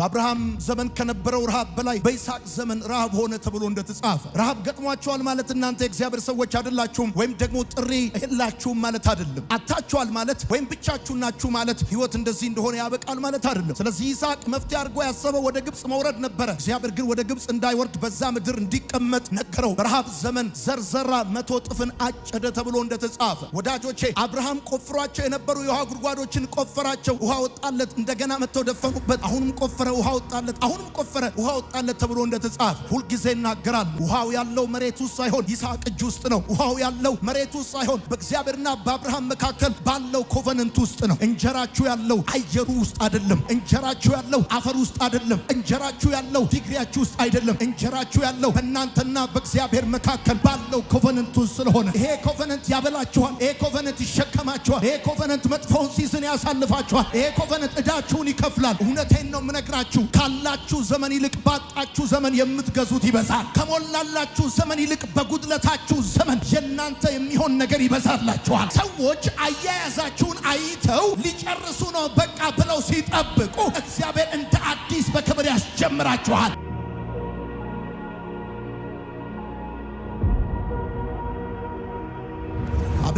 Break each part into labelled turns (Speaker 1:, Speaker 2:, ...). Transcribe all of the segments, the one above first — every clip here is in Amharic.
Speaker 1: በአብርሃም ዘመን ከነበረው ረሃብ በላይ በይስሐቅ ዘመን ረሃብ ሆነ ተብሎ እንደተጻፈ ረሃብ ገጥሟቸዋል ማለት እናንተ የእግዚአብሔር ሰዎች አይደላችሁም፣ ወይም ደግሞ ጥሪ የላችሁም ማለት አይደለም። አታችኋል ማለት ወይም ብቻችሁ ናችሁ ማለት ህይወት እንደዚህ እንደሆነ ያበቃል ማለት አይደለም። ስለዚህ ይስሐቅ መፍትሄ አድርጎ ያሰበው ወደ ግብፅ መውረድ ነበረ። እግዚአብሔር ግን ወደ ግብፅ እንዳይወርድ በዛ ምድር እንዲቀመጥ ነገረው። በረሃብ ዘመን ዘርዘራ መቶ ጥፍን አጨደ ተብሎ እንደተጻፈ ወዳጆቼ፣ አብርሃም ቆፍሯቸው የነበሩ የውሃ ጉድጓዶችን ቆፈራቸው፣ ውሃ ወጣለት። እንደገና መጥተው ደፈኑበት፣ አሁንም ቆፈ ቆፈረ፣ ውሃ ወጣለት፣ አሁንም ቆፈረ፣ ውሃ ወጣለት ተብሎ እንደተጻፈ ሁልጊዜ ይናገራል። ውሃው ያለው መሬት ውስጥ ሳይሆን ይስሐቅ እጅ ውስጥ ነው። ውሃው ያለው መሬት ውስጥ ሳይሆን በእግዚአብሔርና በአብርሃም መካከል ባለው ኮቨነንት ውስጥ ነው። እንጀራችሁ ያለው አየሩ ውስጥ አይደለም። እንጀራችሁ ያለው አፈር ውስጥ አይደለም። እንጀራችሁ ያለው ዲግሪያችሁ ውስጥ አይደለም። እንጀራችሁ ያለው በእናንተና በእግዚአብሔር መካከል ባለው ኮቨነንት ውስጥ ስለሆነ ይሄ ኮቨነንት ያበላችኋል። ይሄ ኮቨነንት ይሸከማችኋል። ይሄ ኮቨነንት መጥፎውን ሲዝን ያሳልፋችኋል። ይሄ ኮቨነንት እዳችሁን ይከፍላል። እውነቴን ነው ምነግራ ናችሁ ካላችሁ ዘመን ይልቅ ባጣችሁ ዘመን የምትገዙት ይበዛል። ከሞላላችሁ ዘመን ይልቅ በጉድለታችሁ ዘመን የእናንተ የሚሆን ነገር ይበዛላችኋል። ሰዎች አያያዛችሁን አይተው ሊጨርሱ ነው በቃ ብለው ሲጠብቁ እግዚአብሔር እንደ አዲስ በክብር ያስጀምራችኋል።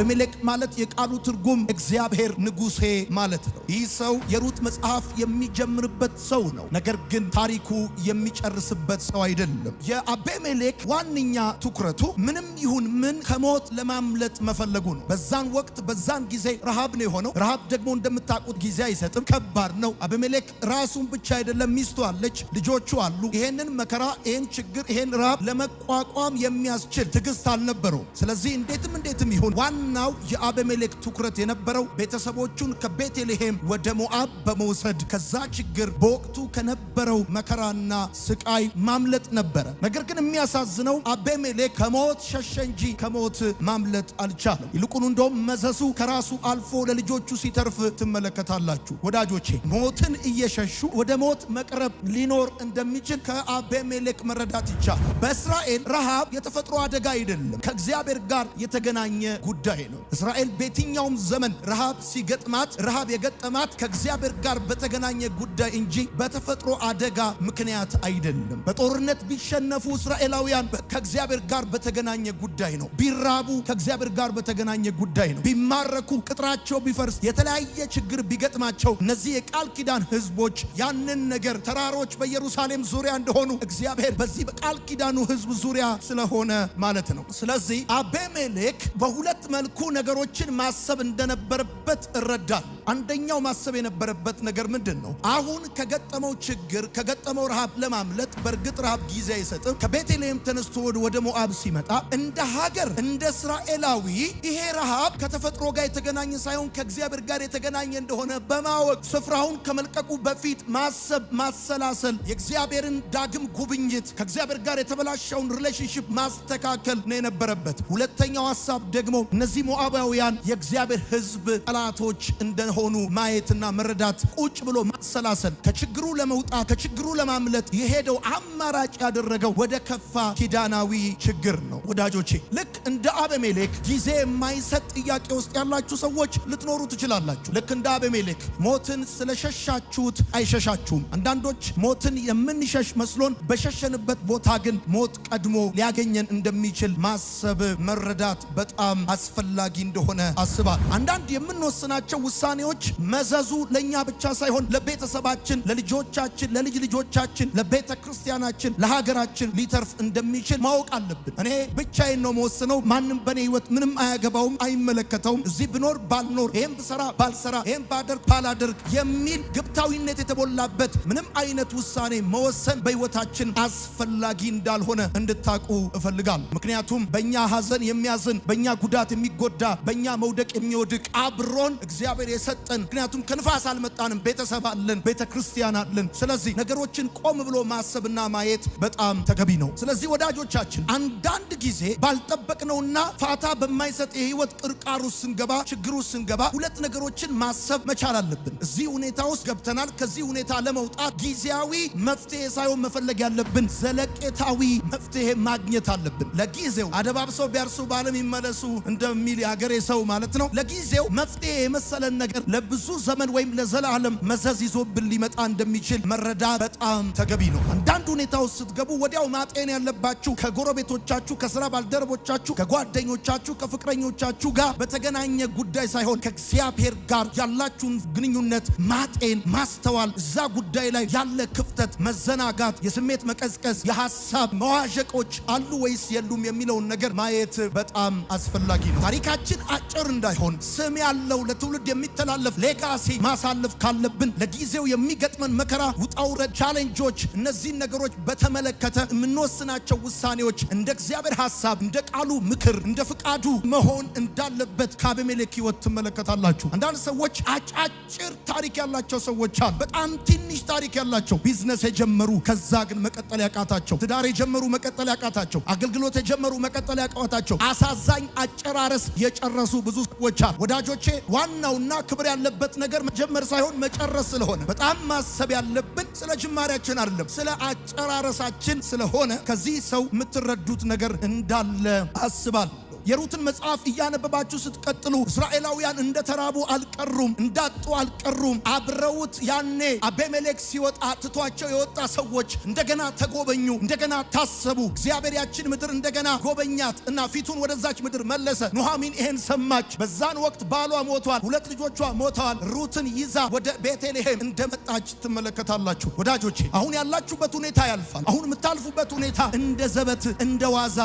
Speaker 1: አቤሜሌክ ማለት የቃሉ ትርጉም እግዚአብሔር ንጉሴ ማለት ነው። ይህ ሰው የሩት መጽሐፍ የሚጀምርበት ሰው ነው። ነገር ግን ታሪኩ የሚጨርስበት ሰው አይደለም። የአቤሜሌክ ዋነኛ ትኩረቱ ምንም ይሁን ምን ከሞት ለማምለጥ መፈለጉ ነው። በዛን ወቅት በዛን ጊዜ ረሃብ ነው የሆነው። ረሃብ ደግሞ እንደምታውቁት ጊዜ አይሰጥም፣ ከባድ ነው። አቤሜሌክ ራሱን ብቻ አይደለም፣ ሚስቱ አለች፣ ልጆቹ አሉ። ይሄንን መከራ፣ ይሄን ችግር፣ ይሄን ረሃብ ለመቋቋም የሚያስችል ትዕግስት አልነበረው። ስለዚህ እንዴትም እንዴትም ይሁን ዋና ዋናው የአቤሜሌክ ትኩረት የነበረው ቤተሰቦቹን ከቤተልሔም ወደ ሞአብ በመውሰድ ከዛ ችግር በወቅቱ ከነበረው መከራና ስቃይ ማምለጥ ነበረ። ነገር ግን የሚያሳዝነው አቤሜሌክ ከሞት ሸሸ እንጂ ከሞት ማምለጥ አልቻለም። ይልቁኑ እንደውም መዘዙ ከራሱ አልፎ ለልጆቹ ሲተርፍ ትመለከታላችሁ። ወዳጆቼ ሞትን እየሸሹ ወደ ሞት መቅረብ ሊኖር እንደሚችል ከአቤሜሌክ መረዳት ይቻላል። በእስራኤል ረሃብ የተፈጥሮ አደጋ አይደለም፣ ከእግዚአብሔር ጋር የተገናኘ ጉዳይ ርኅራሄ ነው። እስራኤል በየትኛውም ዘመን ረሃብ ሲገጥማት ረሃብ የገጠማት ከእግዚአብሔር ጋር በተገናኘ ጉዳይ እንጂ በተፈጥሮ አደጋ ምክንያት አይደለም። በጦርነት ቢሸነፉ እስራኤላውያን ከእግዚአብሔር ጋር በተገናኘ ጉዳይ ነው። ቢራቡ ከእግዚአብሔር ጋር በተገናኘ ጉዳይ ነው። ቢማረኩ፣ ቅጥራቸው ቢፈርስ፣ የተለያየ ችግር ቢገጥማቸው እነዚህ የቃል ኪዳን ህዝቦች ያንን ነገር ተራሮች በኢየሩሳሌም ዙሪያ እንደሆኑ እግዚአብሔር በዚህ በቃል ኪዳኑ ህዝብ ዙሪያ ስለሆነ ማለት ነው። ስለዚህ አቤሜሌክ በሁለት መልኩ ነገሮችን ማሰብ እንደነበረበት እረዳል። አንደኛው ማሰብ የነበረበት ነገር ምንድን ነው? አሁን ከገጠመው ችግር ከገጠመው ረሃብ ለማምለጥ በእርግጥ ረሃብ ጊዜ አይሰጥም። ከቤተልሔም ተነስቶ ወደ ሞአብ ሲመጣ እንደ ሀገር እንደ እስራኤላዊ ይሄ ረሃብ ከተፈጥሮ ጋር የተገናኘ ሳይሆን ከእግዚአብሔር ጋር የተገናኘ እንደሆነ በማወቅ ስፍራውን ከመልቀቁ በፊት ማሰብ ማሰላሰል፣ የእግዚአብሔርን ዳግም ጉብኝት ከእግዚአብሔር ጋር የተበላሸውን ሪሌሽንሽፕ ማስተካከል ነው የነበረበት። ሁለተኛው ሀሳብ ደግሞ እነዚህ ሞዓባውያን የእግዚአብሔር ሕዝብ ጠላቶች እንደሆኑ ማየትና መረዳት ቁጭ ብሎ ማሰላሰል ከችግሩ ለመውጣት ከችግሩ ለማምለጥ የሄደው አማራጭ ያደረገው ወደ ከፋ ኪዳናዊ ችግር ነው። ወዳጆቼ ልክ እንደ አበሜሌክ ጊዜ የማይሰጥ ጥያቄ ውስጥ ያላችሁ ሰዎች ልትኖሩ ትችላላችሁ። ልክ እንደ አበሜሌክ ሞትን ስለሸሻችሁት አይሸሻችሁም። አንዳንዶች ሞትን የምንሸሽ መስሎን በሸሸንበት ቦታ ግን ሞት ቀድሞ ሊያገኘን እንደሚችል ማሰብ መረዳት በጣም አስፈ አስፈላጊ እንደሆነ አስባል። አንዳንድ የምንወስናቸው ውሳኔዎች መዘዙ ለእኛ ብቻ ሳይሆን ለቤተሰባችን፣ ለልጆቻችን፣ ለልጅ ልጆቻችን፣ ለቤተ ክርስቲያናችን፣ ለሀገራችን ሊተርፍ እንደሚችል ማወቅ አለብን። እኔ ብቻዬን ነው መወስነው፣ ማንም በእኔ ህይወት ምንም አያገባውም፣ አይመለከተውም፣ እዚህ ብኖር ባልኖር፣ ይህም ብሰራ ባልሰራ፣ ይህም ባደርግ ባላደርግ የሚል ግብታዊነት የተሞላበት ምንም አይነት ውሳኔ መወሰን በህይወታችን አስፈላጊ እንዳልሆነ እንድታቁ እፈልጋል። ምክንያቱም በእኛ ሀዘን የሚያዝን በእኛ ጉዳት የሚ የሚጎዳ በእኛ መውደቅ የሚወድቅ አብሮን እግዚአብሔር የሰጠን ምክንያቱም ከንፋስ አልመጣንም። ቤተሰብ አለን፣ ቤተ ክርስቲያን አለን። ስለዚህ ነገሮችን ቆም ብሎ ማሰብና ማየት በጣም ተገቢ ነው። ስለዚህ ወዳጆቻችን አንዳንድ ጊዜ ባልጠበቅነውና ፋታ በማይሰጥ የህይወት ቅርቃሩ ስንገባ ችግሩ ስንገባ ሁለት ነገሮችን ማሰብ መቻል አለብን። እዚህ ሁኔታ ውስጥ ገብተናል። ከዚህ ሁኔታ ለመውጣት ጊዜያዊ መፍትሄ ሳይሆን መፈለግ ያለብን ዘለቄታዊ መፍትሄ ማግኘት አለብን። ለጊዜው አደባብሰው ቢያርሱ በዓለም ይመለሱ እንደ የሚል የአገሬ ሰው ማለት ነው። ለጊዜው መፍትሄ የመሰለን ነገር ለብዙ ዘመን ወይም ለዘላለም መዘዝ ይዞብን ሊመጣ እንደሚችል መረዳ በጣም ተገቢ ነው። አንዳንድ ሁኔታ ውስጥ ስትገቡ ወዲያው ማጤን ያለባችሁ ከጎረቤቶቻችሁ፣ ከስራ ባልደረቦቻችሁ፣ ከጓደኞቻችሁ፣ ከፍቅረኞቻችሁ ጋር በተገናኘ ጉዳይ ሳይሆን ከእግዚአብሔር ጋር ያላችሁን ግንኙነት ማጤን፣ ማስተዋል እዛ ጉዳይ ላይ ያለ ክፍተት፣ መዘናጋት፣ የስሜት መቀዝቀዝ፣ የሀሳብ መዋዠቆች አሉ ወይስ የሉም የሚለውን ነገር ማየት በጣም አስፈላጊ ነው። ታሪካችን አጭር እንዳይሆን ስም ያለው ለትውልድ የሚተላለፍ ሌጋሲ ማሳለፍ ካለብን ለጊዜው የሚገጥመን መከራ፣ ውጣውረድ፣ ቻሌንጆች እነዚህን ነገሮች በተመለከተ የምንወስናቸው ውሳኔዎች እንደ እግዚአብሔር ሀሳብ እንደ ቃሉ ምክር፣ እንደ ፍቃዱ መሆን እንዳለበት ከአቤሜሌክ ህይወት ትመለከታላችሁ። አንዳንድ ሰዎች አጫጭር ታሪክ ያላቸው ሰዎች አሉ። በጣም ትንሽ ታሪክ ያላቸው ቢዝነስ የጀመሩ ከዛ ግን መቀጠል ያቃታቸው፣ ትዳር የጀመሩ መቀጠል ያቃታቸው፣ አገልግሎት የጀመሩ መቀጠል ያቃታቸው፣ አሳዛኝ አጨራረስ መጨረስ የጨረሱ ብዙ ሰዎች አሉ። ወዳጆቼ ዋናውና ክብር ያለበት ነገር መጀመር ሳይሆን መጨረስ ስለሆነ በጣም ማሰብ ያለብን ስለ ጅማሬያችን አይደለም፣ ስለ አጨራረሳችን ስለሆነ ከዚህ ሰው የምትረዱት ነገር እንዳለ አስባለሁ። የሩትን መጽሐፍ እያነበባችሁ ስትቀጥሉ እስራኤላውያን እንደተራቡ አልቀሩም፣ እንዳጡ አልቀሩም። አብረውት ያኔ አቤሜሌክ ሲወጣ ትቷቸው የወጣ ሰዎች እንደገና ተጎበኙ፣ እንደገና ታሰቡ። እግዚአብሔር ያችን ምድር እንደገና ጎበኛት እና ፊቱን ወደዛች ምድር መለሰ። ኑሃሚን ይሄን ሰማች። በዛን ወቅት ባሏ ሞቷል፣ ሁለት ልጆቿ ሞተዋል። ሩትን ይዛ ወደ ቤተልሔም እንደመጣች ትመለከታላችሁ። ወዳጆቼ አሁን ያላችሁበት ሁኔታ ያልፋል። አሁን የምታልፉበት ሁኔታ እንደ ዘበት እንደ ዋዛ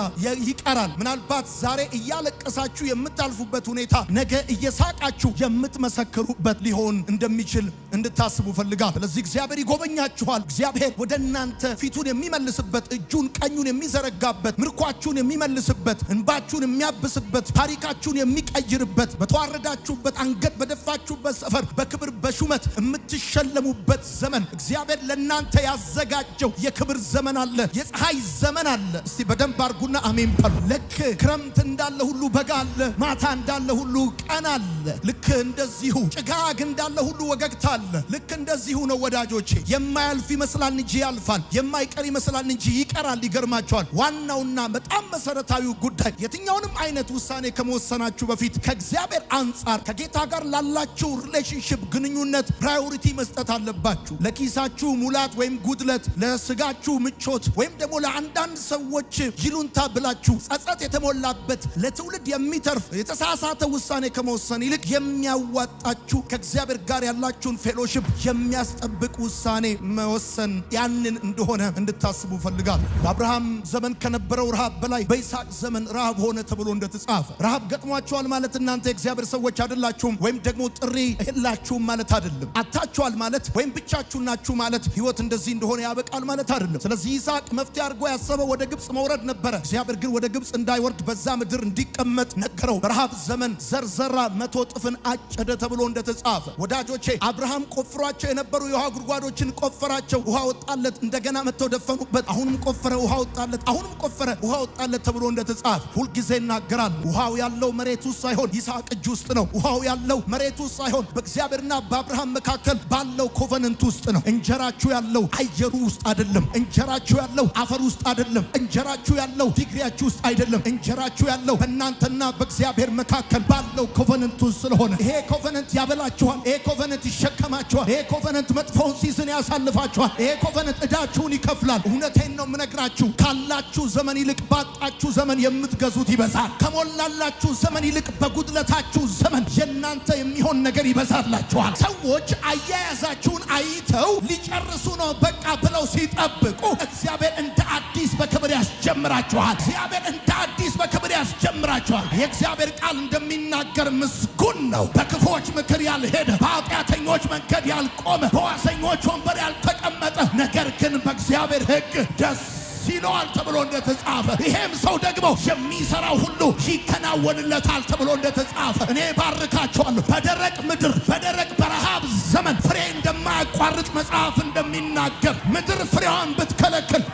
Speaker 1: ይቀራል። ምናልባት ዛሬ እያለቀሳችሁ የምታልፉበት ሁኔታ ነገ እየሳቃችሁ የምትመሰክሩበት ሊሆን እንደሚችል እንድታስቡ ፈልጋል። ስለዚህ እግዚአብሔር ይጎበኛችኋል። እግዚአብሔር ወደ እናንተ ፊቱን የሚመልስበት፣ እጁን ቀኙን የሚዘረጋበት፣ ምርኳችሁን የሚመልስበት፣ እንባችሁን የሚያብስበት፣ ታሪካችሁን የሚቀይርበት፣ በተዋረዳችሁበት አንገት በደፋችሁበት ሰፈር በክብር በሹመት የምትሸለሙበት ዘመን እግዚአብሔር ለእናንተ ያዘጋጀው የክብር ዘመን አለ፣ የፀሐይ ዘመን አለ። እስቲ በደንብ አርጉና አሜን በሉ። ልክ ክረምት እንዳ እንዳለ ሁሉ በጋ አለ። ማታ እንዳለ ሁሉ ቀን አለ። ልክ እንደዚሁ ጭጋግ እንዳለ ሁሉ ወገግታ አለ። ልክ እንደዚሁ ነው ወዳጆቼ። የማያልፍ ይመስላል እንጂ ያልፋል። የማይቀር ይመስላል እንጂ ይቀራል። ይገርማቸዋል። ዋናውና በጣም መሰረታዊው ጉዳይ የትኛውንም አይነት ውሳኔ ከመወሰናችሁ በፊት ከእግዚአብሔር አንጻር ከጌታ ጋር ላላችሁ ሪሌሽንሽፕ ግንኙነት ፕራዮሪቲ መስጠት አለባችሁ። ለኪሳችሁ ሙላት ወይም ጉድለት፣ ለስጋችሁ ምቾት ወይም ደግሞ ለአንዳንድ ሰዎች ይሉንታ ብላችሁ ጸጸት የተሞላበት ለትውልድ የሚተርፍ የተሳሳተ ውሳኔ ከመወሰን ይልቅ የሚያዋጣችሁ ከእግዚአብሔር ጋር ያላችሁን ፌሎሽፕ የሚያስጠብቅ ውሳኔ መወሰን ያንን እንደሆነ እንድታስቡ ፈልጋል። በአብርሃም ዘመን ከነበረው ረሃብ በላይ በይስሐቅ ዘመን ረሃብ ሆነ ተብሎ እንደተጻፈ ረሃብ ገጥሟቸዋል ማለት እናንተ የእግዚአብሔር ሰዎች አይደላችሁም፣ ወይም ደግሞ ጥሪ የላችሁም ማለት አይደለም። አታችኋል ማለት ወይም ብቻችሁ ናችሁ ማለት ህይወት እንደዚህ እንደሆነ ያበቃል ማለት አይደለም። ስለዚህ ይስሐቅ መፍትሄ አድርጎ ያሰበው ወደ ግብፅ መውረድ ነበረ። እግዚአብሔር ግን ወደ ግብፅ እንዳይወርድ በዛ ምድር ምድር እንዲቀመጥ ነገረው። በረሃብ ዘመን ዘርዘራ መቶ ጥፍን አጨደ ተብሎ እንደተጻፈ ወዳጆቼ፣ አብርሃም ቆፍሯቸው የነበሩ የውሃ ጉድጓዶችን ቆፈራቸው፣ ውሃ ወጣለት። እንደገና መጥተው ደፈኑበት። አሁንም ቆፈረ፣ ውሃ ወጣለት። አሁንም ቆፈረ፣ ውሃ ወጣለት ተብሎ እንደተጻፈ ሁልጊዜ ይናገራል። ውሃው ያለው መሬቱ ሳይሆን ይስሐቅ እጅ ውስጥ ነው። ውሃው ያለው መሬቱ ሳይሆን በእግዚአብሔርና በአብርሃም መካከል ባለው ኮቨነንት ውስጥ ነው። እንጀራችሁ ያለው አየሩ ውስጥ አይደለም። እንጀራችሁ ያለው አፈር ውስጥ አይደለም። እንጀራችሁ ያለው ዲግሪያችሁ ውስጥ አይደለም። እንጀራችሁ ያለው ያለው በእናንተና በእግዚአብሔር መካከል ባለው ኮቨነንቱ ውስጥ ስለሆነ ይሄ ኮቨነንት ያበላችኋል፣ ይሄ ኮቨነንት ይሸከማችኋል፣ ይሄ ኮቨነንት መጥፎውን ሲዝን ያሳልፋችኋል፣ ይሄ ኮቨነንት እዳችሁን ይከፍላል። እውነቴን ነው የምነግራችሁ። ካላችሁ ዘመን ይልቅ ባጣችሁ ዘመን የምትገዙት ይበዛል። ከሞላላችሁ ዘመን ይልቅ በጉድለታችሁ ዘመን የእናንተ የሚሆን ነገር ይበዛላችኋል። ሰዎች አያያዛችሁን አይተው ሊጨርሱ ነው በቃ ብለው ሲጠብቁ እግዚአብሔር እንደ አዲስ በክብር ያስጀምራችኋል። እግዚአብሔር እንደ አዲስ በክብር ያስጀምራቸዋል። የእግዚአብሔር ቃል እንደሚናገር ምስጉን ነው በክፎች ምክር ያልሄደ፣ በኃጢአተኞች መንገድ ያልቆመ፣ በዋሰኞች ወንበር ያልተቀመጠ፣ ነገር ግን በእግዚአብሔር ሕግ ደስ ሲለዋል ተብሎ እንደተጻፈ ይሄም ሰው ደግሞ የሚሰራው ሁሉ ይከናወንለታል ተብሎ እንደተጻፈ እኔ ባርካቸዋለሁ። በደረቅ ምድር በደረቅ በረሃብ ዘመን ፍሬ እንደማያቋርጥ መጽሐፍ እንደሚናገር ምድር ፍሬዋን ብትከለክል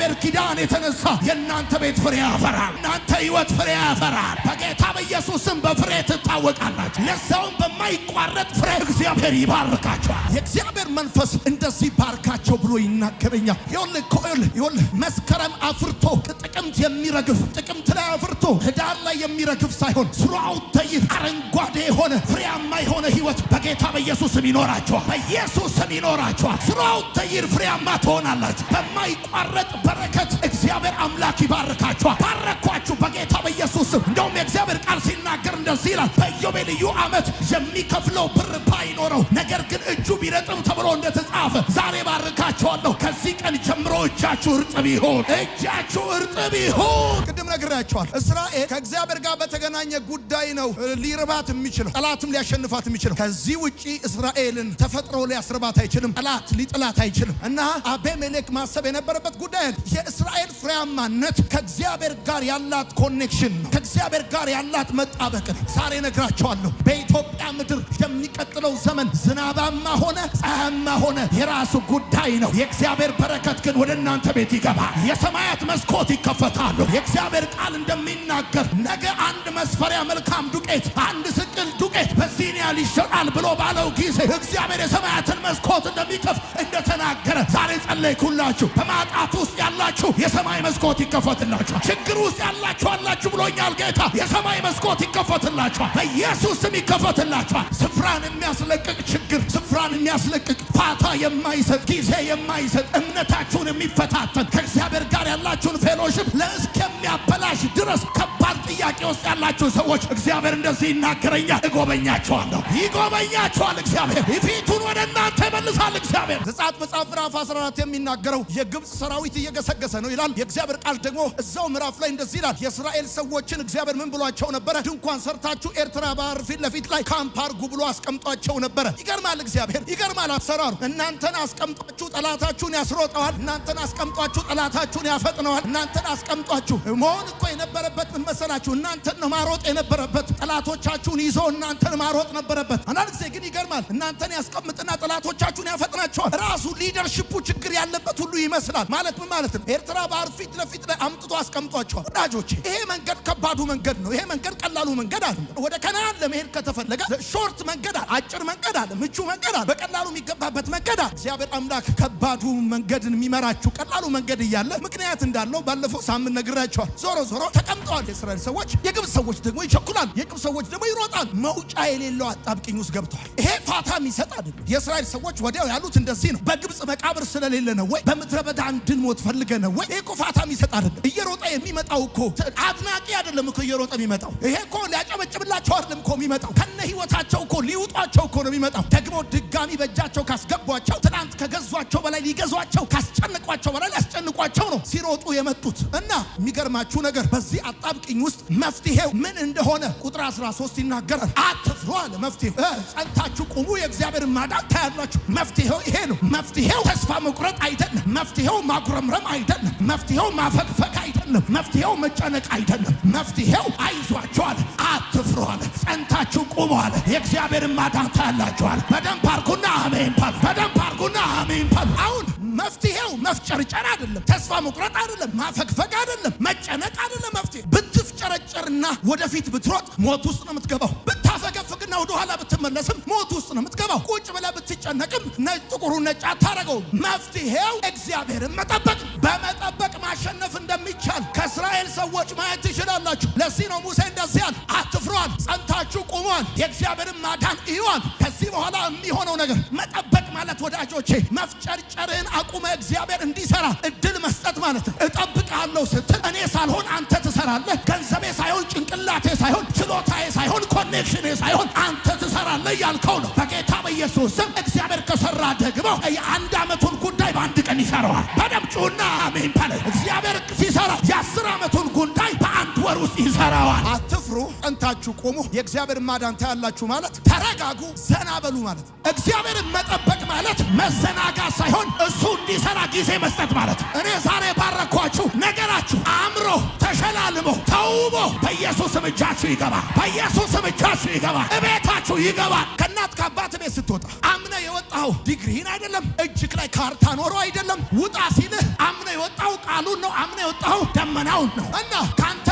Speaker 1: በእግዚአብሔር ኪዳን የተነሳ የእናንተ ቤት ፍሬ ያፈራል። እናንተ ህይወት ፍሬ ያፈራል። በጌታ በኢየሱስም በፍሬ ትታወቃላችሁ። ለዛውም በማይቋረጥ ፍሬ እግዚአብሔር ይባርካቸዋል። የእግዚአብሔር መንፈስ እንደዚህ ባርካቸው ብሎ ይናገረኛል። ይኸውልህ ይኸውልህ መስከረም አፍርቶ ጥቅምት የሚረግፍ ጥቅምት ላይ አፍርቶ ህዳር ላይ የሚረግፍ ሳይሆን ስሩአውት ተይህ አረንጓዴ የሆነ ፍሬያማ የሆነ ህይወት በጌታ በኢየሱስም ይኖራቸዋል። በኢየሱስም ይኖራቸዋል። ስሩአውት ተይር ፍሬያማ ትሆናላችሁ በማይቋረጥ በበረከት እግዚአብሔር አምላክ ይባርካችኋል። ባረኳችሁ በጌታ በኢየሱስ ስም። እንደውም የእግዚአብሔር ቃል ሲናገር እንደዚህ ይላል፣ በኢዮቤልዩ ዓመት የሚከፍለው ብር ባይኖረው ነገር ግን እጁ ቢረጥም ተብሎ እንደተጻፈ ዛሬ ባርካችኋለሁ። ከዚህ ቀን ጀምሮ እጃችሁ እርጥብ ይሁን፣ እጃችሁ እርጥብ ይሁን። ቅድም ነግሬያችኋል። እስራኤል ከእግዚአብሔር ጋር በተገናኘ ጉዳይ ነው ሊርባት የሚችለው ጠላትም ሊያሸንፋት የሚችለው። ከዚህ ውጪ እስራኤልን ተፈጥሮ ሊያስርባት አይችልም። ጠላት ሊጥላት አይችልም። እና አቤሜሌክ ማሰብ የነበረበት ጉዳይ ይላል። የእስራኤል ፍሬያማነት ከእግዚአብሔር ጋር ያላት ኮኔክሽን ነው። ከእግዚአብሔር ጋር ያላት መጣበቅ ነው። ዛሬ ነግራቸዋለሁ። በኢትዮጵያ ምድር የሚቀጥለው ዘመን ዝናባማ ሆነ ፀሐያማ ሆነ የራሱ ጉዳይ ነው። የእግዚአብሔር በረከት ግን ወደ እናንተ ቤት ይገባል። የሰማያት መስኮት ይከፈታሉ። የእግዚአብሔር ቃል እንደሚናገር ነገ አንድ መስፈሪያ መልካም ዱቄት፣ አንድ ስቅል ዱቄት በሲኒያል ያህል ይሸጣል ብሎ ባለው ጊዜ እግዚአብሔር የሰማያትን መስኮት እንደሚከፍት እንደተናገረ ዛሬ ጸለይኩላችሁ በማጣት ውስጥ ያላችሁ የሰማይ መስኮት ይከፈትላችኋል። ችግር ውስጥ ያላችሁ አላችሁ ብሎኛል ጌታ። የሰማይ መስኮት ይከፈትላችኋል፣ በኢየሱስ ስም ይከፈትላችኋል። ስፍራን የሚያስለቅቅ ችግር፣ ስፍራን የሚያስለቅቅ ፋታ የማይሰጥ ጊዜ የማይሰጥ እምነታችሁን የሚፈታተን ከእግዚአብሔር ጋር ያላችሁን ፌሎሽፕ ለእስከሚያበላሽ ድረስ ከባድ ጥያቄ ውስጥ ያላችሁ ሰዎች እግዚአብሔር እንደዚህ ይናገረኛል። እጎበኛቸዋለሁ፣ ይጎበኛቸዋል እግዚአብሔር ፊቱን ወደ እናንተ ይመልሳል። እግዚአብሔር ዘጸአት መጽሐፍ ምዕራፍ 14 የሚናገረው የግብፅ ሰራዊት እየገሰገሰ ነው ይላል። የእግዚአብሔር ቃል ደግሞ እዛው ምዕራፍ ላይ እንደዚህ ይላል። የእስራኤል ሰዎችን እግዚአብሔር ምን ብሏቸው ነበረ? ድንኳን ሰርታችሁ ኤርትራ ባህር ፊት ለፊት ላይ ካምፕ አርጉ ብሎ አስቀምጧቸው ነበረ። ይገርማል፣ እግዚአብሔር ይገርማል። አሰራሩ እናንተን አስቀምጧችሁ ጠላታችሁን ያስሮጠዋል። እናንተን አስቀምጧችሁ ጠላታችሁን ያፈጥነዋል። እናንተን አስቀምጧችሁ መሆን እኮ የነበረበት ምን መሰላችሁ? እናንተን ነው ማሮጥ የነበረበት። ጠላቶቻችሁን ይዞ እናንተን ማሮጥ ነበረበት። አንዳንድ ጊዜ ግን ይገርማል፣ እናንተን ያስቀምጥና ጠላቶቻችሁን ያፈጥናቸዋል። ራሱ ሊደርሽፑ ችግር ያለበት ሁሉ ይመስላል ማለት ማለት ነው። ኤርትራ ባህር ፊት ለፊት ላይ አምጥቶ አስቀምጧቸዋል። ወዳጆቼ ይሄ መንገድ ከባዱ መንገድ ነው። ይሄ መንገድ ቀላሉ መንገድ አለ። ወደ ከነአን ለመሄድ ከተፈለገ ሾርት መንገድ አለ፣ አጭር መንገድ አለ፣ ምቹ መንገድ አለ፣ በቀላሉ የሚገባበት መንገድ አለ። እግዚአብሔር አምላክ ከባዱ መንገድን የሚመራችሁ ቀላሉ መንገድ እያለ ምክንያት እንዳለው ባለፈው ሳምንት ነግራቸዋል። ዞሮ ዞሮ ተቀምጠዋል የእስራኤል ሰዎች። የግብፅ ሰዎች ደግሞ ይቸኩላል፣ የግብፅ ሰዎች ደግሞ ይሮጣል። መውጫ የሌለው አጣብቂኝ ውስጥ ገብተዋል። ይሄ ፋታ የሚሰጥ አይደለም። የእስራኤል ሰዎች ወዲያው ያሉት እንደዚህ ነው፣ በግብፅ መቃብር ስለሌለ ነው ወይ በምድረ በዳ እንድንሞት ፈልገ ነው ወይ? ይሄ እኮ ይሰጥ አይደለም። እየሮጠ የሚመጣው እኮ አድናቂ አይደለም እኮ እየሮጠ የሚመጣው ይሄ እኮ ሊያጨበጭብላቸው አይደለም እኮ የሚመጣው ከነ ህይወታቸው እኮ ሊውጧቸው እኮ ነው የሚመጣው። ደግሞ ድጋሚ በእጃቸው ካስገቧቸው፣ ትናንት ከገዟቸው በላይ ሊገዟቸው፣ ካስጨንቋቸው በላይ ሊያስጨንቋቸው ነው ሲሮጡ የመጡት እና የሚገርማችሁ ነገር በዚህ አጣብቅኝ ውስጥ መፍትሄው ምን እንደሆነ ቁጥር 13 ይናገራል። አትፍሩ አለ መፍትሄው፣ ጸንታችሁ ቁሙ፣ የእግዚአብሔር ማዳን ታያላችሁ። መፍትሄው ይሄ ነው። መፍትሄው ተስፋ መቁረጥ አይደለም። መፍትሄው ማጉረምረ ማጉረምረም አይደለም። መፍትሄው ማፈግፈግ አይደለም። መፍትሄው መጨነቅ አይደለም። መፍትሄው አይዟቸዋል፣ አትፍሯል፣ ጸንታችሁ ቁመዋል፣ የእግዚአብሔርን ማዳን ታያላችኋል። በደንብ አርጉና አሜን በል። በደንብ አርጉና አሜን በል። አሁን መፍትሄው መፍጨርጨር አይደለም። ተስፋ መቁረጥ አይደለም። ማፈግፈግ አይደለም። መጨነቅ አይደለም። መፍትሄ ብትፍጨረጨርና ወደፊት ብትሮጥ ሞት ውስጥ ነው የምትገባው። ብታፈገፍግና ወደኋላ ብትመለስም ሞት ውስጥ ነው የምትገባው። ቁጭ ብለህ ብትጨነቅም ጥቁሩ ነጭ አታረገውም። መፍትሄው እግዚአብሔርን መጠበቅ፣ በመጠበቅ ማሸነፍ እንደሚቻል ከእስራኤል ሰዎች ማየት ትችላላችሁ። ለዚህ ነው ሙሴ እንደዚህ አትፍሯል ጸንታችሁ ስሟን፣ የእግዚአብሔርን ማዳን እዩዋን። ከዚህ በኋላ የሚሆነው ነገር መጠበቅ ማለት ወዳጆቼ፣ መፍጨርጨርህን አቁመ እግዚአብሔር እንዲሰራ እድል መስጠት ማለት ነው። እጠብቃለሁ ስትል እኔ ሳልሆን አንተ ትሰራለህ፣ ገንዘቤ ሳይሆን፣ ጭንቅላቴ ሳይሆን፣ ችሎታዬ ሳይሆን፣ ኮኔክሽኔ ሳይሆን አንተ ትሰራለህ ያልከው ነው። በጌታ በኢየሱስ ስም እግዚአብሔር ከሰራ ደግሞ የአንድ ዓመቱን ጉዳይ በአንድ ቀን ይሰራዋል። በደምጩና አሜን በለ። እግዚአብሔር ሲሰራ የአስር ዓመቱን ጉዳይ በአንድ ወር ውስጥ ይሰራዋል። አትፍሩ፣ ጸንታችሁ ቁሙ። የእግዚአብሔር ማዳን ታያላችሁ ማለት ተረጋጉ፣ ዘና በሉ ማለት እግዚአብሔርን መጠበቅ ማለት መዘናጋ ሳይሆን እሱ እንዲሰራ ጊዜ መስጠት ማለት። እኔ ዛሬ ባረኳችሁ፣ ነገራችሁ አምሮ ተሸላልሞ ተውቦ በኢየሱስ እጃችሁ ይገባል። በኢየሱስ እጃችሁ ይገባል። እቤታችሁ ይገባል። ከእናት ከአባት ቤት ስትወጣ አምነ የወጣው ዲግሪህን አይደለም፣ እጅግ ላይ ካርታ ኖሮ አይደለም። ውጣ ሲልህ አምነ የወጣው ቃሉን ነው። አምነ የወጣው ደመናውን ነው እና ከአንተ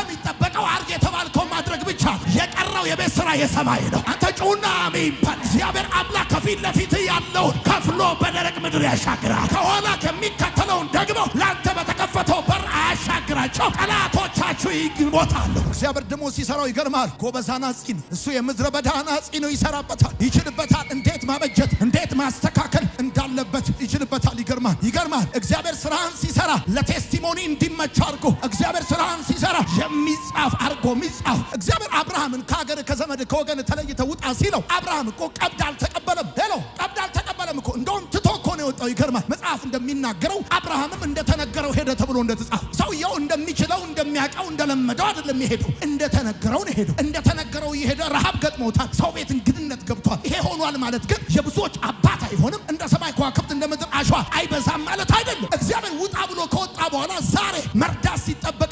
Speaker 1: የምሰራው የቤት ስራ የሰማይ ነው። አንተ ጩና አሜን እግዚአብሔር አምላክ ከፊት ለፊት ያለውን ከፍሎ በደረቅ ምድር ያሻግራል። ከኋላ የሚከተለውን ደግሞ ለአንተ በተከፈተው በር አያሻግራቸው። ጠላቶቻችሁ ይግቦታሉ። እግዚአብሔር ደግሞ ሲሰራው ይገርማል። ጎበዝ አናጺ ነው እሱ። የምድረ በዳ አናጺ ነው፣ ይሰራበታል፣ ይችልበታል። እንዴት ማበጀት፣ እንዴት ማስተካከል እንዳለበት ይችልበታል። ይገርማል፣ ይገርማል። እግዚአብሔር ስራህን ሲሰራ ለቴስቲሞኒ እንዲመች አድርጎ እግዚአብሔር ስራህን ሲሰራ የሚጻፍ እኮ የሚጻፍ እግዚአብሔር አብርሃምን ከሀገር ከዘመድ ከወገን ተለይተ ውጣ ሲለው አብርሃም እኮ ቀብድ አልተቀበለም። ሄሎ ቀብድ አልተቀበለም እኮ እንደውም ትቶ እኮ ነው የወጣው። ይገርማል። መጽሐፍ እንደሚናገረው አብርሃምም እንደተነገረው ሄደ ተብሎ እንደተጻፈ ሰውየው እንደሚችለው እንደሚያውቀው እንደለመደው አይደለም የሄደው፣ እንደተነገረው ነው ሄደው። እንደተነገረው የሄደ ረሃብ ገጥሞታል። ሰው ቤት እንግድነት ገብቷል። ይሄ ሆኗል ማለት ግን የብዙዎች አባት አይሆንም። እንደ ሰማይ ከዋክብት እንደ ምድር አሸዋ አይበዛም ማለት አይደለም። እግዚአብሔር ውጣ ብሎ ከወጣ በኋላ ዛሬ መርዳት ሲጠበቅ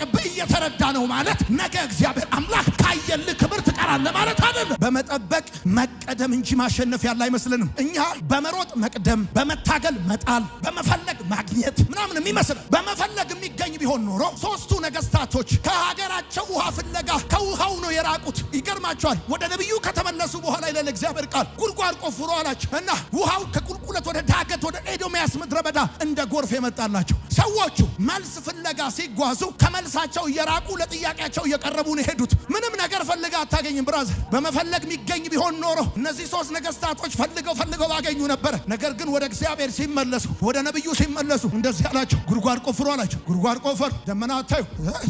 Speaker 1: ተረዳ ነው ማለት ነገ እግዚአብሔር አምላክ ካየልህ ክብር ትቀራለህ ማለት አይደለም። በመጠበቅ መቀደም እንጂ ማሸነፍ ያለ አይመስልንም። እኛ በመሮጥ መቅደም፣ በመታገል መጣል፣ በመፈለግ ማግኘት ምናምን የሚመስል በመፈለግ የሚገኝ ቢሆን ኖሮ ሶስቱ ነገስታቶች ከሀገራቸው ውሃ ፍለጋ ከውሃው ነው የራቁት። ይገርማቸዋል። ወደ ነቢዩ ከተመለሱ በኋላ ይለል እግዚአብሔር ቃል ጉድጓድ ቆፍሮ አላቸው እና ውሃው ከቁልቁለት ወደ ዳገት ወደ ኤዶሚያስ ምድረ በዳ እንደ ጎርፍ የመጣላቸው ሰዎቹ መልስ ፍለጋ ሲጓዙ ከመልሳቸው እየራ እየራቁ ለጥያቄያቸው እየቀረቡ ነው የሄዱት። ምንም ነገር ፈልገ አታገኝም ብራዘር። በመፈለግ የሚገኝ ቢሆን ኖሮ እነዚህ ሶስት ነገስታቶች ፈልገው ፈልገው ባገኙ ነበር። ነገር ግን ወደ እግዚአብሔር ሲመለሱ፣ ወደ ነብዩ ሲመለሱ እንደዚህ አላቸው። ጉድጓድ ቆፍሩ አላቸው። ጉድጓድ ቆፈር፣ ደመና አታዩ፣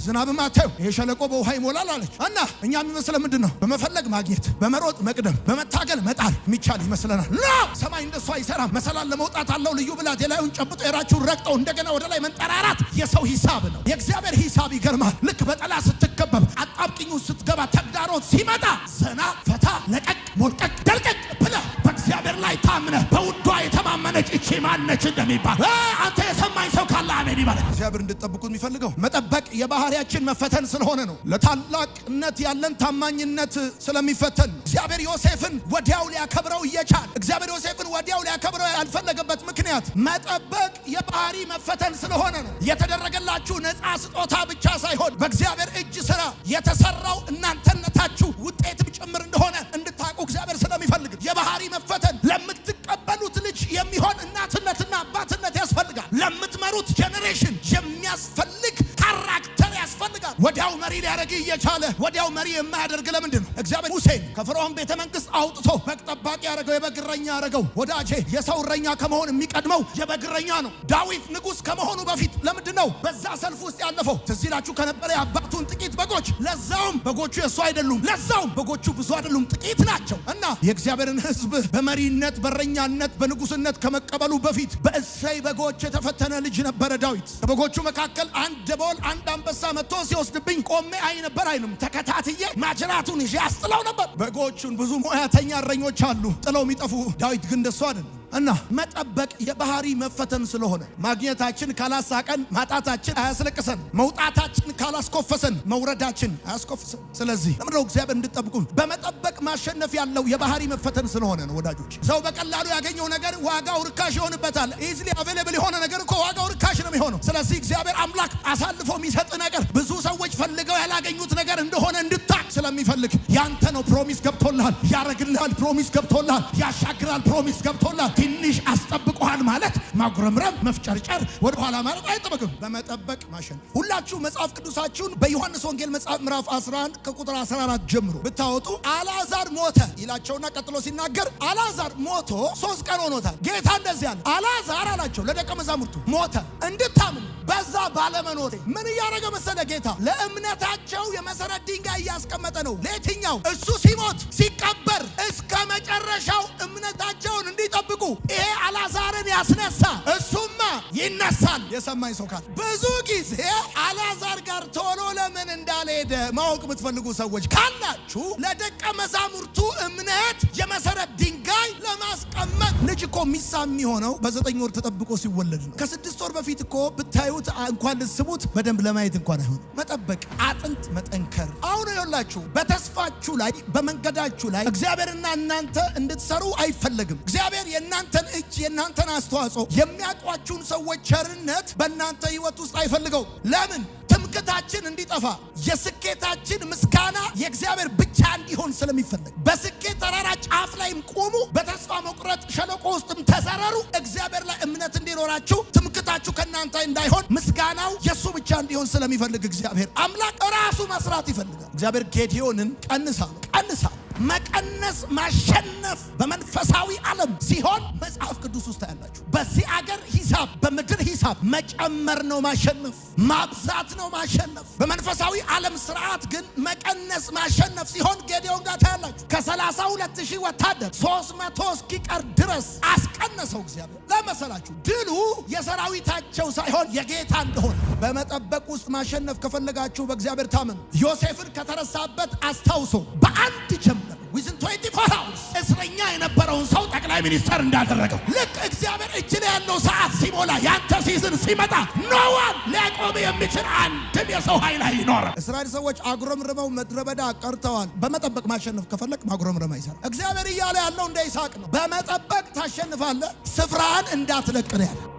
Speaker 1: ዝናብም አታዩ፣ ይሄ ሸለቆ በውሃ ይሞላል አለች እና እኛ የሚመስለ ምንድን ነው? በመፈለግ ማግኘት፣ በመሮጥ መቅደም፣ በመታገል መጣል የሚቻል ይመስለናል። ላ ሰማይ እንደሱ አይሰራም። መሰላል ለመውጣት አለው ልዩ ብላት። የላዩን ጨብጦ የራችሁን ረግጠው እንደገና ወደ ላይ መንጠራራት የሰው ሂሳብ ነው። የእግዚአብሔር ሂሳብ ይገርማል። ልክ በጠላ ስትከበብ አጣብቅኙ ስትገባ ተግዳሮት ሲመጣ ዘና ፈታ ለቀቅ ሞልቀቅ ደልቀቅ ብለህ በእግዚአብሔር ላይ ታምነህ በውዷ የተ ያላመነች እቺ ማነች እንደሚባል አንተ የሰማኝ ሰው ካለ አሜን ይበል። እግዚአብሔር እንድጠብቁት የሚፈልገው መጠበቅ የባህሪያችን መፈተን ስለሆነ ነው። ለታላቅነት ያለን ታማኝነት ስለሚፈተን እግዚአብሔር ዮሴፍን ወዲያው ሊያከብረው እየቻለ እግዚአብሔር ዮሴፍን ወዲያው ሊያከብረው ያልፈለገበት ምክንያት መጠበቅ የባህሪ መፈተን ስለሆነ ነው። የተደረገላችሁ ነጻ ስጦታ ብቻ ሳይሆን በእግዚአብሔር እጅ ስራ የተሰራው እናንተነታችሁ ውጤትም ጭምር እንደሆነ እንድታውቁ እግዚአብሔር ስለሚፈልግ የባህሪ መፈተን ለምት ለምትቀበሉት ልጅ የሚሆን እናትነትና አባትነት ያስፈልጋል። ለምትመሩት ጄኔሬሽን የሚያስፈልግ ወዲያው መሪ ሊያደርግ እየቻለ ወዲያው መሪ የማያደርግ ለምንድን ነው? እግዚአብሔር ሙሴን ከፈርዖን ቤተ መንግስት አውጥቶ በግ ጠባቂ ያደረገው የበግረኛ ያደረገው። ወዳጄ የሰው እረኛ ከመሆን የሚቀድመው የበግረኛ ነው። ዳዊት ንጉስ ከመሆኑ በፊት ለምንድን ነው በዛ ሰልፍ ውስጥ ያለፈው? ትዝ ይላችሁ ከነበረ የአባቱን ጥቂት በጎች፣ ለዛውም በጎቹ የእሱ አይደሉም። ለዛውም በጎቹ ብዙ አይደሉም፣ ጥቂት ናቸው እና የእግዚአብሔርን ህዝብ በመሪነት በረኛነት በንጉስነት ከመቀበሉ በፊት በእሰይ በጎች የተፈተነ ልጅ ነበረ ዳዊት። ከበጎቹ መካከል አንድ ደቦል አንድ አንበሳ መጥቶ ሲወስ ሲወስድብኝ ቆሜ አይ ነበር አይልም። ተከታትዬ ማጅራቱን ይዤ አስጥለው ነበር። በጎቹን ብዙ ሙያተኛ እረኞች አሉ ጥለው የሚጠፉ ዳዊት ግን ደሱ አይደለም። እና መጠበቅ የባህሪ መፈተን ስለሆነ ማግኘታችን ካላሳቀን ማጣታችን አያስለቅሰን፣ መውጣታችን ካላስኮፈሰን መውረዳችን አያስኮፍሰን። ስለዚህ ለምድረው እግዚአብሔር እንድጠብቁ በመጠበቅ ማሸነፍ ያለው የባህሪ መፈተን ስለሆነ ነው። ወዳጆች ሰው በቀላሉ ያገኘው ነገር ዋጋው ርካሽ ይሆንበታል። ኢዝሊ አቬሌብል የሆነ ነገር እኮ ዋጋው ርካሽ ነው የሚሆነው። ስለዚህ እግዚአብሔር አምላክ አሳልፎ የሚሰጥ ነገር ብዙ ሰዎች ፈልገው ያላገኙት ነገር እንደሆነ እንድታቅ ስለሚፈልግ ያንተ ነው። ፕሮሚስ ገብቶልሃል፣ ያረግልሃል፣ ፕሮሚስ ገብቶልሃል፣ ያሻግራል፣ ፕሮሚስ ገብቶልሃል። ትንሽ አስጠብቀዋል ማለት ማጉረምረም፣ መፍጨርጨር፣ ወደኋላ ማለት አይጠበቅም። በመጠበቅ ማሸን። ሁላችሁ መጽሐፍ ቅዱሳችሁን በዮሐንስ ወንጌል መጽሐፍ ምዕራፍ 11 ከቁጥር 14 ጀምሮ ብታወጡ አልዓዛር ሞተ ይላቸውና ቀጥሎ ሲናገር አልዓዛር ሞቶ ሶስት ቀን ሆኖታል። ጌታ እንደዚህ አለ፣ አልዓዛር አላቸው ለደቀ መዛሙርቱ ሞተ እንድታምኑ በዛ ባለመኖቴ ምን እያደረገ መሰለ ጌታ ለእምነታቸው የመሰረት ድንጋይ እያስቀመጠ ነው። ለየትኛው እሱ ሲሞት ሲቀበር እስከ መጨረሻው እምነታቸውን ይሄ አላዛርን ያስነሳ እሱማ ይነሳል። የሰማኝ ሰው ካለ ብዙ ጊዜ እኔ ሄደ ማወቅ የምትፈልጉ ሰዎች ካላችሁ ለደቀ መዛሙርቱ እምነት የመሰረት ድንጋይ ለማስቀመጥ ልጅ እኮ ሚሳ የሚሆነው በዘጠኝ ወር ተጠብቆ ሲወለድ ነው። ከስድስት ወር በፊት እኮ ብታዩት እንኳን ልስቡት በደንብ ለማየት እንኳን አይሆን። መጠበቅ፣ አጥንት መጠንከር። አሁን ይላችሁ በተስፋችሁ ላይ በመንገዳችሁ ላይ እግዚአብሔርና እናንተ እንድትሰሩ አይፈለግም። እግዚአብሔር የእናንተን እጅ የእናንተን አስተዋጽኦ የሚያውቋችሁን ሰዎች ቸርነት በእናንተ ህይወት ውስጥ አይፈልገው። ለምን ትምክታችን እንዲጠፋ በስኬታችን ምስጋና የእግዚአብሔር ብቻ እንዲሆን ስለሚፈለግ በስኬት ተራራ ጫፍ ላይም ቆሙ በተስፋ መቁረጥ ሸለቆ ውስጥም ተሰረሩ። እግዚአብሔር ላይ እምነት እንዲኖራችሁ ትምክታችሁ ከእናንተ እንዳይሆን ምስጋናው የእሱ ብቻ እንዲሆን ስለሚፈልግ እግዚአብሔር አምላክ ራሱ መስራት ይፈልጋል። እግዚአብሔር ጌዲዮንን ቀንሳ ቀንሳ መቀነስ ማሸነፍ በመንፈሳዊ ዓለም ሲሆን መጽሐፍ ቅዱስ ውስጥ ያላችሁ በዚህ አገር ሂሳብ በምድር ሂሳብ መጨመር ነው ማሸነፍ፣ ማብዛት ነው ማሸነፍ። በመንፈሳዊ ዓለም ስርዓት ግን መቀነስ ማሸነፍ ሲሆን ጌዲዮን ጋር ታያላችሁ። ከ32 ሺህ ወታደር 300 እስኪቀር ድረስ አስቀነሰው እግዚአብሔር። ለመሰላችሁ ድሉ የሰራዊታቸው ሳይሆን የጌታ እንደሆነ በመጠበቅ ውስጥ ማሸነፍ ከፈለጋችሁ በእግዚአብሔር ታመኑ። ዮሴፍን ከተረሳበት አስታውሶ በአንድ ጀምር አይደለም እስረኛ የነበረውን ሰው ጠቅላይ ሚኒስተር እንዳደረገው ልክ እግዚአብሔር እጅ ላይ ያለው ሰዓት ሲሞላ ያንተ ሲዝን ሲመጣ ኖዋን ሊያቆም የሚችል አንድም የሰው ኃይል አይኖርም። እስራኤል ሰዎች አጉረምርመው ምድረ በዳ ቀርተዋል። በመጠበቅ ማሸነፍ ከፈለግ ማጉረምረም አይሰራ። እግዚአብሔር እያለ ያለው እንደ ይስሐቅ ነው። በመጠበቅ ታሸንፋለህ፣ ስፍራን እንዳትለቅ ነው ያለ